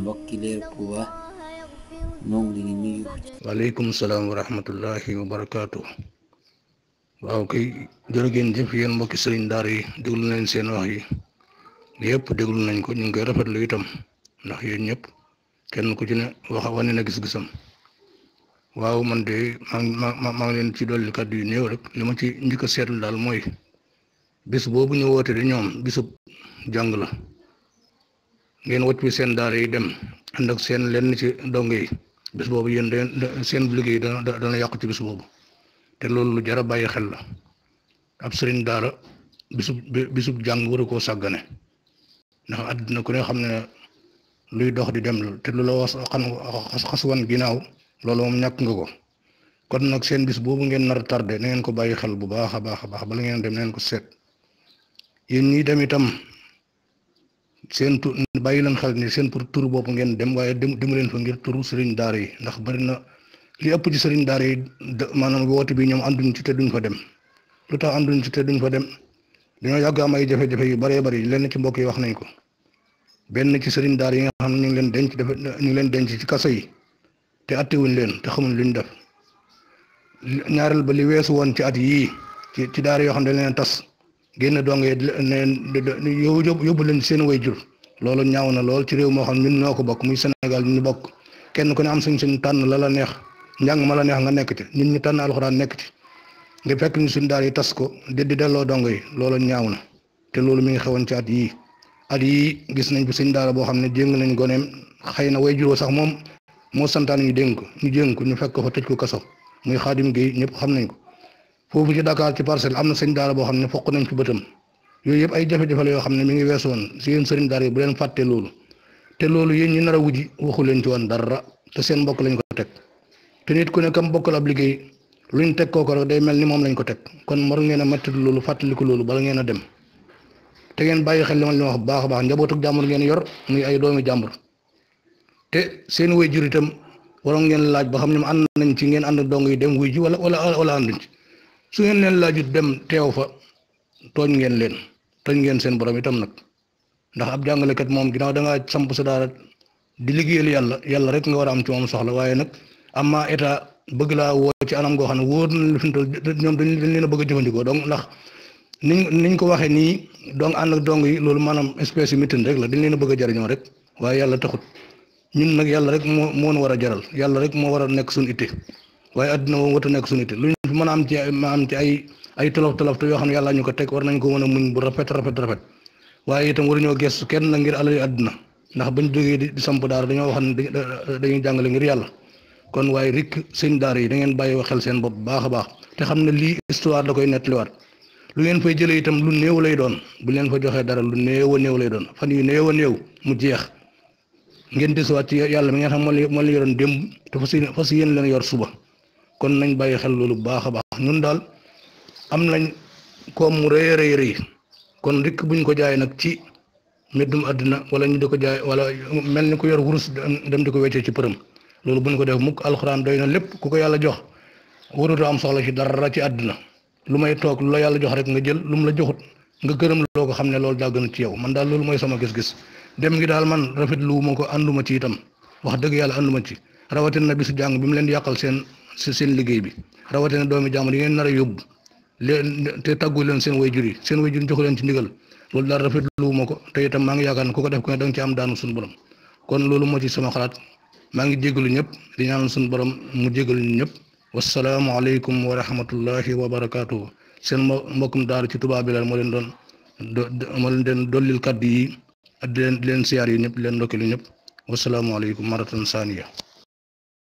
mbokkileer ku wax noo ngi leen nuyu waaleykum salaam wa rahmatullahi wa barakaatu waaw kay jërë ngeen jëf yéen mbokki sëriñ daar yi déglu nañ seen wax yi yëpp déglu nañ ko ñu ngi koy rafetlu itam ndax yéen iya, ñëpp kenn ku ci ne wax wane na gis-gisam waaw man de maa iya, maa ngi leen ci dolli kàddu yu néew rek li ma ci njëkk a seetlu daal mooy bis boobu ñu woote de ñoom bisub jàng la ngeen wacc bi seen daara yi dem ànd ak seen lenn ci dong yi bis boobu yéen da seen liggéey dana dana ci bis boobu te loolu lu jara bàyyi xel la ab sëriñ daara bisub bisub jàng waru koo sàggane ndax àddina ku ne xam luy dox di dem la te lu la was xam xaswan ginnaaw loolu moom ñàkk nga ko kon nag seen bis boobu ngeen nar tardé na ngeen ko bàyyi xel bu baax a baax a baax ngeen dem na ngeen ko seet yéen ñi dem itam seen tur bàyyi leen xel ni seen pour tur bopp ngeen dem waaye dem demu leen fa ngir turu sëriñ daar yi ndax bari na li ëpp ci sëriñ daara yi maanaam woote bi ñoom ànduñ ci te duñ fa dem lu tax ànduñ ci te duñ fa dem dañoo yàgg am ay jafe-jafe yu baree bari lenn ci mbokk yi wax nañ ko benn ci sëriñ daar yi nga xam ne ñu ngi leen denc dafa ñu ngi leen denc ci kaso yi te attewuñ leen te xamuñ luñ def ñaareel ba li weesu woon ci at yii ci ci daara yoo xam ne dañ leen tas génn dong yóbbu yóbbu leen seen way jur loolu ñaaw na lool ci réew moo xam ñun ñoo ko bokk muy Sénégal ñu bokk kenn ku ne am suñ suñ tànn la la neex njàng ma la neex nga nekk ci ñun ñu tànn alxuraan nekk ci nga fekk ñu suñ daal yi tas ko di di delloo dong yi loolu te loolu mi ngi xewoon ci at yii at yii gis nañ fi suñ daara boo xam ne jéng nañ goneem xëy na way juroo sax moom moo santaan ñu dénk ko ñu jéng ko ñu fekk ko fa tëj ko kaso muy xaadim géey ñëpp xam nañ ko foofu ci Dakar ci parcelle am na sëñ daara boo xam ne foq nañ ci bëtam yooyu yëpp ay jafe-jafe yoo xam ne mi ngi weesu woon si yéen sëriñ daara yi bu leen fàtte loolu te ñu yéen ñi nar a wujji waxu leen ci woon dara te seen mbokk lañ ko teg te nit ku ne kam bokkal ab liggéey luñ teg koo ko rek day mel ni moom lañ ko teg kon war ngeen a métti loolu fàttaliku loolu bala ngeen a dem te ngeen bàyyi xel li ma leen wax bu baax a baax njabootuk jàmbur ngeen yor muy ay doomi jàmbur te seen way jur itam waroon ngeen laaj ba xam ne nañ ci ngeen ànd dong yi dem wuy ji wala wala wala ànduñ su ngeen leen laaju dem teew fa tooñ ngeen leen tooñ ngeen seen borom itam nag ndax ab jàngalekat moom ginnaaw da ngaa samp sa daara di liggéeyal yàlla yàlla rek nga war a am ci moom soxla waaye nag amma état bëgg laa woo ci anam goo xam ne wóor na fi ñoom dañ leen a bëgg a jëfandikoo donc ndax niñ niñ ko waxee nii donc ànd ak dong yi loolu maanaam espèce yi mitin rek la dañ leen a bëgg a jariñoo rek waaye yàlla taxut ñun nag yàlla rek moo moo war a jaral yàlla rek moo war a nekk suñu ité waaye adduna moom wata nekk suñu ité pour mën a am ci ma am ci ay ay tolof tolof te yoo xam ne yàlla ñu ko teg war nañ ko mën muñ bu rafet rafet rafet waaye itam waruñoo gëstu kenn la ngir alali àdduna ndax bañ jógee di samp daara dañoo wax ne dañuy jàngale ngir yàlla kon waaye rikk seen daara yi da ngeen bàyyi xel seen bopp baax baax te xam ne lii histoire da koy nettaliwaat lu ngeen fay jëlee itam lu néew lay doon bu leen fa joxee dara lu néew a néew lay doon fan yu néew a néew mu jeex ngeen desuwaat ci yàlla mi ngeen xam moo leen yoroon démb te fas yéen yor suba kon nañ bàyyi xel loolu baax a baax ñun daal am nañ koom mu rëy rëy rëy kon rikk buñ ko jaay nag ci meddum àdduna wala ñu di ko jaay wala mel ni ku yor wurus dem di ko weccee ci përëm loolu buñ ko def mukk alxuraan doy na lépp ku ko yàlla jox warutu am soxla ci dara ci àdduna lu may toog lu la yàlla jox rek nga jël lu mu la joxut nga gërëm loo ko xam ne loolu daa gën ci yow man daal loolu mooy sama gis-gis dem gi daal man lu ma ko anduma ci itam wax dëgg yàlla anduma ci rawatina bisu jàng bi mu leen di si seen liggéey bi rawatina doomi jàmbur yi ngeen nar a yóbbu len te tàggu leen seen way jur yi seen way jur joxu leen ci ndigal loolu daal rafet ma ko te itam maa ngi yaakaar ne ku ko def ko ne da nga ci am daanu suñu borom kon loolu moo ci sama xalaat maa ngi jégalu ñëpp di ñaan suñu borom mu jégalu ñëpp wasalaamualeykum wa rahmatullahi wa barakaatu seen mbokkum daaru ci tubaab bi la moo leen doon moo leen doon dollil kàddu yi di leen siyaar yi ñëpp leen ndokkelu ñëpp wasalaamualeykum maratan saaniya